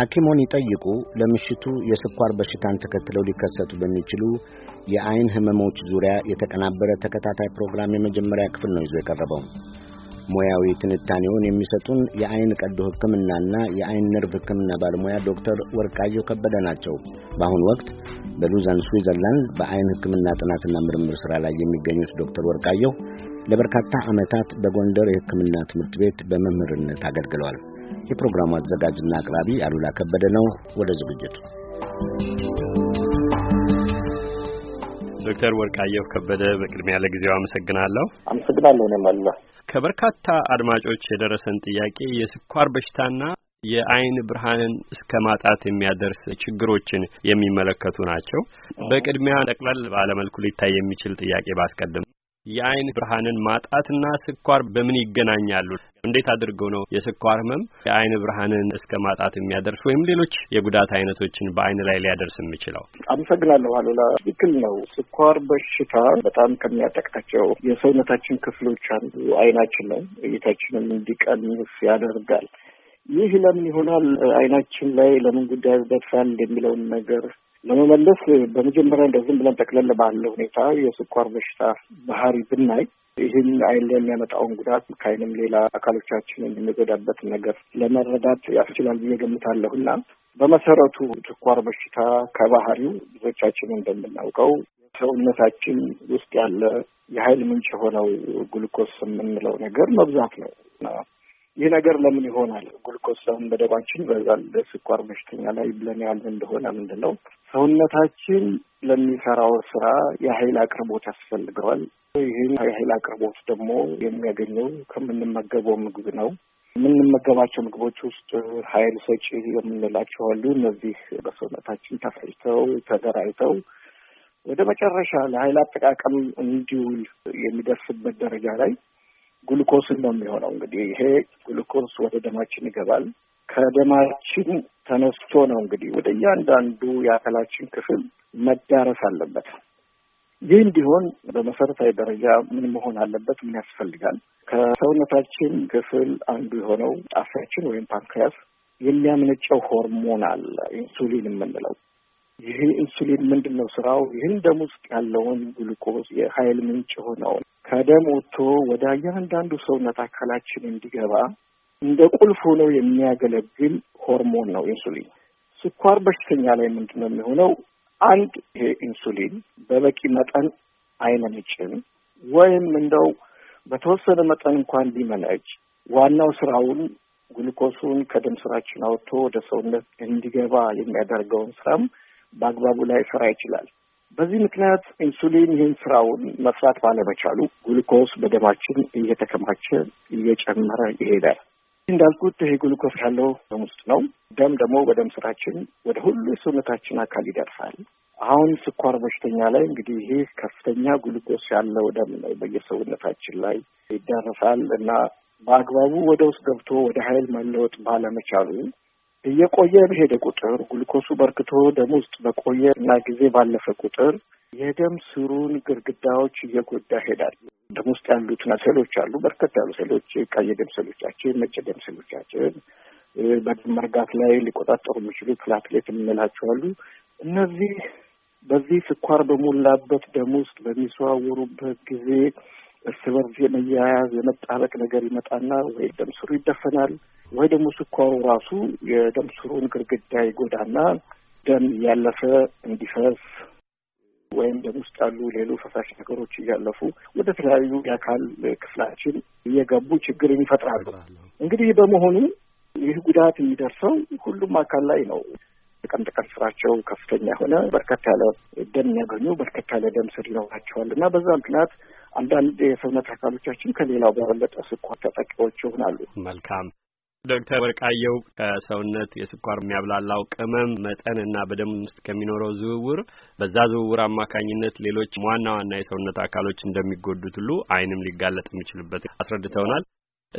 ሐኪሞን ይጠይቁ ለምሽቱ የስኳር በሽታን ተከትለው ሊከሰቱ በሚችሉ የአይን ህመሞች ዙሪያ የተቀናበረ ተከታታይ ፕሮግራም የመጀመሪያ ክፍል ነው ይዞ የቀረበው። ሙያዊ ትንታኔውን የሚሰጡን የአይን ቀዶ ሕክምናና የአይን ነርቭ ሕክምና ባለሙያ ዶክተር ወርቃየሁ ከበደ ናቸው። በአሁኑ ወቅት በሉዛን ስዊዘርላንድ በአይን ሕክምና ጥናትና ምርምር ሥራ ላይ የሚገኙት ዶክተር ወርቃየሁ ለበርካታ ዓመታት በጎንደር የሕክምና ትምህርት ቤት በመምህርነት አገልግለዋል። የፕሮግራሙ አዘጋጅና አቅራቢ አሉላ ከበደ ነው። ወደ ዝግጅቱ ዶክተር ወርቃየሁ ከበደ በቅድሚያ ለጊዜው አመሰግናለሁ። አመሰግናለሁ እኔም አሉላ። ከበርካታ አድማጮች የደረሰን ጥያቄ የስኳር በሽታና የአይን ብርሃንን እስከ ማጣት የሚያደርስ ችግሮችን የሚመለከቱ ናቸው። በቅድሚያ ጠቅለል ባለመልኩ ሊታይ የሚችል ጥያቄ ባስቀድም የአይን ብርሃንን ማጣትና ስኳር በምን ይገናኛሉ? እንዴት አድርገው ነው የስኳር ህመም የአይን ብርሃንን እስከ ማጣት የሚያደርስ ወይም ሌሎች የጉዳት አይነቶችን በአይን ላይ ሊያደርስ የሚችለው? አመሰግናለሁ አሉላ። ትክክል ነው። ስኳር በሽታ በጣም ከሚያጠቅታቸው የሰውነታችን ክፍሎች አንዱ አይናችን ነው። እይታችንም እንዲቀንስ ያደርጋል። ይህ ለምን ይሆናል አይናችን ላይ ለምን ጉዳይ ደርሳል የሚለውን ነገር ለመመለስ በመጀመሪያ እንደ ዝም ብለን ጠቅለል ባለ ሁኔታ የስኳር በሽታ ባህሪ ብናይ ይህን አይን ላይ የሚያመጣውን ጉዳት ከአይንም ሌላ አካሎቻችን የሚጎዳበት ነገር ለመረዳት ያስችላል ብዬ ገምታለሁ እና በመሰረቱ ስኳር በሽታ ከባህሪው ብዙዎቻችን እንደምናውቀው ሰውነታችን ውስጥ ያለ የሀይል ምንጭ የሆነው ግሉኮስ የምንለው ነገር መብዛት ነው። ይህ ነገር ለምን ይሆናል? ጉልኮስ ሰውን በደባችን ይበዛል። ስኳር በሽተኛ ላይ ብለን ያል እንደሆነ ምንድን ነው ሰውነታችን ለሚሰራው ስራ የኃይል አቅርቦት ያስፈልገዋል። ይህን የኃይል አቅርቦት ደግሞ የሚያገኘው ከምንመገበው ምግብ ነው። የምንመገባቸው ምግቦች ውስጥ ኃይል ሰጪ የምንላቸው አሉ። እነዚህ በሰውነታችን ተፈጭተው ተደራጅተው ወደ መጨረሻ ለኃይል አጠቃቀም እንዲውል የሚደርስበት ደረጃ ላይ ግሉኮስን ነው የሚሆነው። እንግዲህ ይሄ ግሉኮስ ወደ ደማችን ይገባል። ከደማችን ተነስቶ ነው እንግዲህ ወደ እያንዳንዱ የአካላችን ክፍል መዳረስ አለበት። ይህ እንዲሆን በመሰረታዊ ደረጃ ምን መሆን አለበት? ምን ያስፈልጋል? ከሰውነታችን ክፍል አንዱ የሆነው ጣፊያችን ወይም ፓንክሪያስ የሚያምነጨው ሆርሞን አለ ኢንሱሊን የምንለው ይህ ኢንሱሊን ምንድን ነው ስራው? ይህን ደም ውስጥ ያለውን ግሉኮዝ የሀይል ምንጭ የሆነውን ከደም ወጥቶ ወደ እያንዳንዱ ሰውነት አካላችን እንዲገባ እንደ ቁልፍ ሆኖ የሚያገለግል ሆርሞን ነው ኢንሱሊን። ስኳር በሽተኛ ላይ ምንድን ነው የሚሆነው? አንድ ይሄ ኢንሱሊን በበቂ መጠን አይመነጭም፣ ወይም እንደው በተወሰነ መጠን እንኳን ቢመነጭ ዋናው ስራውን ግሉኮሱን ከደም ስራችን አውጥቶ ወደ ሰውነት እንዲገባ የሚያደርገውን ስራም በአግባቡ ላይ ስራ ይችላል። በዚህ ምክንያት ኢንሱሊን ይህን ስራውን መስራት ባለመቻሉ ግሉኮስ በደማችን እየተከማቸ እየጨመረ ይሄዳል። እንዳልኩት ይሄ ግሉኮስ ያለው ደም ውስጥ ነው። ደም ደግሞ በደም ስራችን ወደ ሁሉ የሰውነታችን አካል ይደርሳል። አሁን ስኳር በሽተኛ ላይ እንግዲህ ይሄ ከፍተኛ ግሉኮስ ያለው ደም ነው በየሰውነታችን ላይ ይደረሳል እና በአግባቡ ወደ ውስጥ ገብቶ ወደ ኃይል መለወጥ ባለመቻሉ እየቆየ በሄደ ቁጥር ግሉኮሱ በርክቶ ደም ውስጥ በቆየ እና ጊዜ ባለፈ ቁጥር የደም ስሩን ግርግዳዎች እየጎዳ ሄዳል። ደም ውስጥ ያሉትን ሴሎች አሉ በርከት ያሉ ሴሎች፣ ቀይ ደም ሴሎቻችን፣ ነጭ ደም ሴሎቻችን በደም መርጋት ላይ ሊቆጣጠሩ የሚችሉ ፕላትሌት የምንላቸዋሉ እነዚህ በዚህ ስኳር በሞላበት ደም ውስጥ በሚዘዋወሩበት ጊዜ እርስ በርስ የመያያዝ የመጣበቅ ነገር ይመጣና ወይ ደም ስሩ ይደፈናል ወይ ደግሞ ስኳሩ ራሱ የደም ስሩን ግድግዳ ይጎዳና ደም እያለፈ እንዲፈስ ወይም ደም ውስጥ ያሉ ሌሎ ፈሳሽ ነገሮች እያለፉ ወደ ተለያዩ የአካል ክፍላችን እየገቡ ችግርን ይፈጥራሉ። እንግዲህ በመሆኑ ይህ ጉዳት የሚደርሰው ሁሉም አካል ላይ ነው። ጥቀም ጥቀም ስራቸው ከፍተኛ የሆነ በርከት ያለ ደም የሚያገኙ በርከት ያለ ደም ስር ይኖራቸዋል እና በዛ ምክንያት አንዳንድ የሰውነት አካሎቻችን ከሌላው በበለጠ ስኳር ተጠቂዎች ይሆናሉ። መልካም ዶክተር ወርቃየው ከሰውነት የስኳር የሚያብላላው ቅመም መጠን እና በደም ውስጥ ከሚኖረው ዝውውር በዛ ዝውውር አማካኝነት ሌሎች ዋና ዋና የሰውነት አካሎች እንደሚጎዱት ሁሉ አይንም ሊጋለጥ የሚችልበት አስረድተውናል።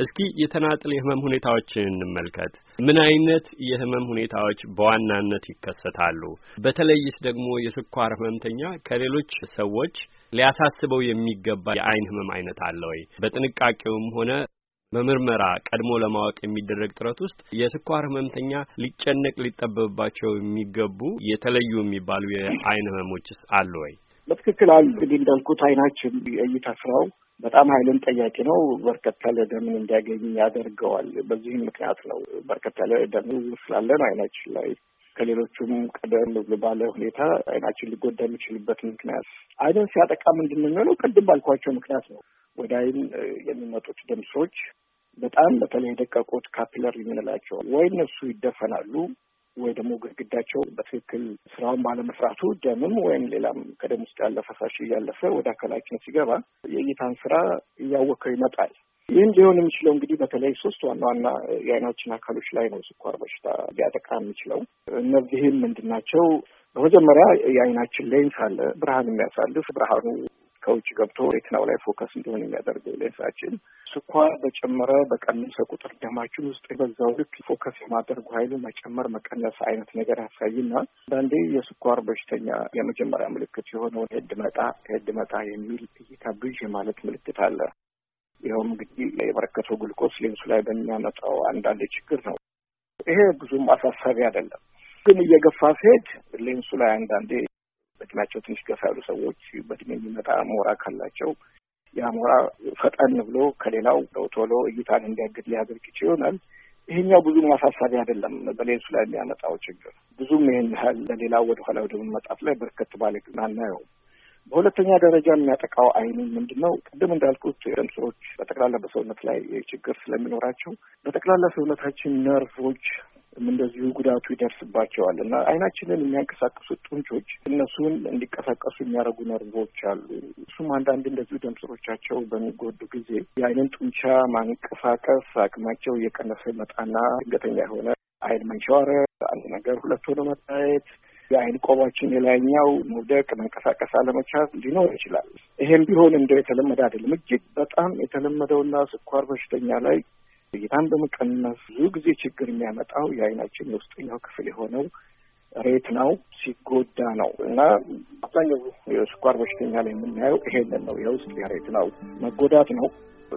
እስኪ የተናጥል የህመም ሁኔታዎችን እንመልከት። ምን አይነት የህመም ሁኔታዎች በዋናነት ይከሰታሉ? በተለይስ ደግሞ የስኳር ህመምተኛ ከሌሎች ሰዎች ሊያሳስበው የሚገባ የአይን ህመም አይነት አለ ወይ? በጥንቃቄውም ሆነ በምርመራ ቀድሞ ለማወቅ የሚደረግ ጥረት ውስጥ የስኳር ህመምተኛ ሊጨነቅ ሊጠበብባቸው የሚገቡ የተለዩ የሚባሉ የአይን ህመሞችስ አሉ ወይ? በትክክል አሉ። እንግዲህ እንዳልኩት አይናችን የእይታ ስራው በጣም ኃይልን ጠያቂ ነው። በርከት ያለ ደምን እንዲያገኝ ያደርገዋል። በዚህም ምክንያት ነው በርከት ያለ ደም ስላለን አይናችን ላይ ከሌሎቹም ቀደም ብሎ ባለ ሁኔታ አይናችን ሊጎዳ የሚችልበት ምክንያት አይንን ሲያጠቃ ምንድን የሚሆነው? ቅድም ባልኳቸው ምክንያት ነው። ወደ አይን የሚመጡት ደም ስሮች በጣም በተለይ የደቀቁት ካፒለር የምንላቸው ወይ እነሱ ይደፈናሉ ወይ ደግሞ ግድግዳቸው በትክክል ስራውን ባለመስራቱ ደምም ወይም ሌላም ከደም ውስጥ ያለ ፈሳሽ እያለፈ ወደ አካላችን ሲገባ የእይታን ስራ እያወከው ይመጣል። ይህም ሊሆን የሚችለው እንግዲህ በተለይ ሶስት ዋና ዋና የአይናችን አካሎች ላይ ነው ስኳር በሽታ ሊያጠቃ የሚችለው። እነዚህም ምንድን ናቸው? በመጀመሪያ የአይናችን ሌንስ አለ፣ ብርሃን የሚያሳልፍ ብርሃኑ ከውጭ ገብቶ ሬትናው ላይ ፎከስ እንዲሆን የሚያደርገው ሌንሳችን ስኳር በጨመረ በቀነሰ ቁጥር ደማችን ውስጥ በዛው ልክ ፎከስ የማደርጉ ኃይሉ መጨመር መቀነስ አይነት ነገር ያሳይና አንዳንዴ የስኳር በሽተኛ የመጀመሪያ ምልክት የሆነውን ሄድ መጣ ሄድ መጣ የሚል እይታ ብዥ ማለት ምልክት አለ። ይኸውም እንግዲህ የበረከተው ግልቆስ ሌንሱ ላይ በሚያመጣው አንዳንድ ችግር ነው። ይሄ ብዙም አሳሳቢ አይደለም፣ ግን እየገፋ ሲሄድ ሌንሱ ላይ አንዳንዴ በእድሜያቸው ትንሽ ገፋ ያሉ ሰዎች በእድሜ የሚመጣ ሞራ ካላቸው ያ ሞራ ፈጠን ብሎ ከሌላው ቶሎ እይታን እንዲያግድ ሊያደርግ ይችል ይሆናል። ይሄኛው ብዙም አሳሳቢ አይደለም። በሌንሱ ላይ የሚያመጣው ችግር ብዙም ይህን ያህል ለሌላው ወደኋላ ወደ መመጣት ላይ በርከት ባለ ግን አናየውም። በሁለተኛ ደረጃ የሚያጠቃው አይኑ ምንድን ነው? ቅድም እንዳልኩት ደም ስሮች በጠቅላላ በሰውነት ላይ ችግር ስለሚኖራቸው በጠቅላላ ሰውነታችን ነርቮች እንደዚሁ ጉዳቱ ይደርስባቸዋል እና አይናችንን የሚያንቀሳቀሱት ጡንቾች እነሱን እንዲቀሳቀሱ የሚያደርጉ ነርቮች አሉ። እሱም አንዳንድ እንደዚሁ ደም ስሮቻቸው በሚጎዱ ጊዜ የአይንን ጡንቻ ማንቀሳቀስ አቅማቸው እየቀነሰ መጣና ድንገተኛ የሆነ አይን መንሸዋረ አንድ ነገር ሁለት ሆኖ መታየት የአይን ቆባችን የላይኛው መውደቅ፣ መንቀሳቀስ አለመቻት ሊኖር ይችላል። ይሄም ቢሆን እንደ የተለመደ አይደለም። እጅግ በጣም የተለመደውና ስኳር በሽተኛ ላይ እይታን በመቀነስ ብዙ ጊዜ ችግር የሚያመጣው የአይናችን የውስጠኛው ክፍል የሆነው ሬት ነው ሲጎዳ ነው እና አብዛኛው የስኳር በሽተኛ ላይ የምናየው ይሄንን ነው። የውስጥ የሬት ነው መጎዳት ነው።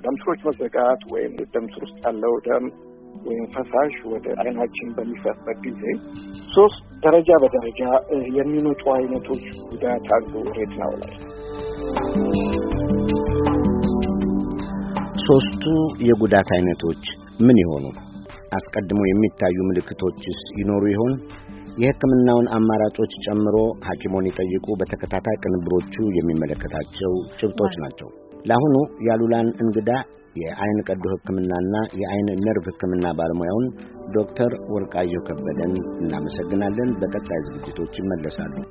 ደም ስሮች መዘጋት ወይም ደም ስር ውስጥ ያለው ደም ወይም ፈሳሽ ወደ አይናችን በሚፈስበት ጊዜ ሶስት ደረጃ በደረጃ የሚመጡ አይነቶች ጉዳት አሉ ሬቲናው ላይ። ሶስቱ የጉዳት አይነቶች ምን ይሆኑ? አስቀድሞ የሚታዩ ምልክቶችስ ይኖሩ ይሆን? የሕክምናውን አማራጮች ጨምሮ ሐኪሞን ይጠይቁ በተከታታይ ቅንብሮቹ የሚመለከታቸው ጭብጦች ናቸው። ለአሁኑ ያሉላን እንግዳ የአይን ቀዶ ሕክምናና የአይን ነርቭ ሕክምና ባለሙያውን ዶክተር ወርቃየሁ ከበደን እናመሰግናለን። በቀጣይ ዝግጅቶች ይመለሳሉ።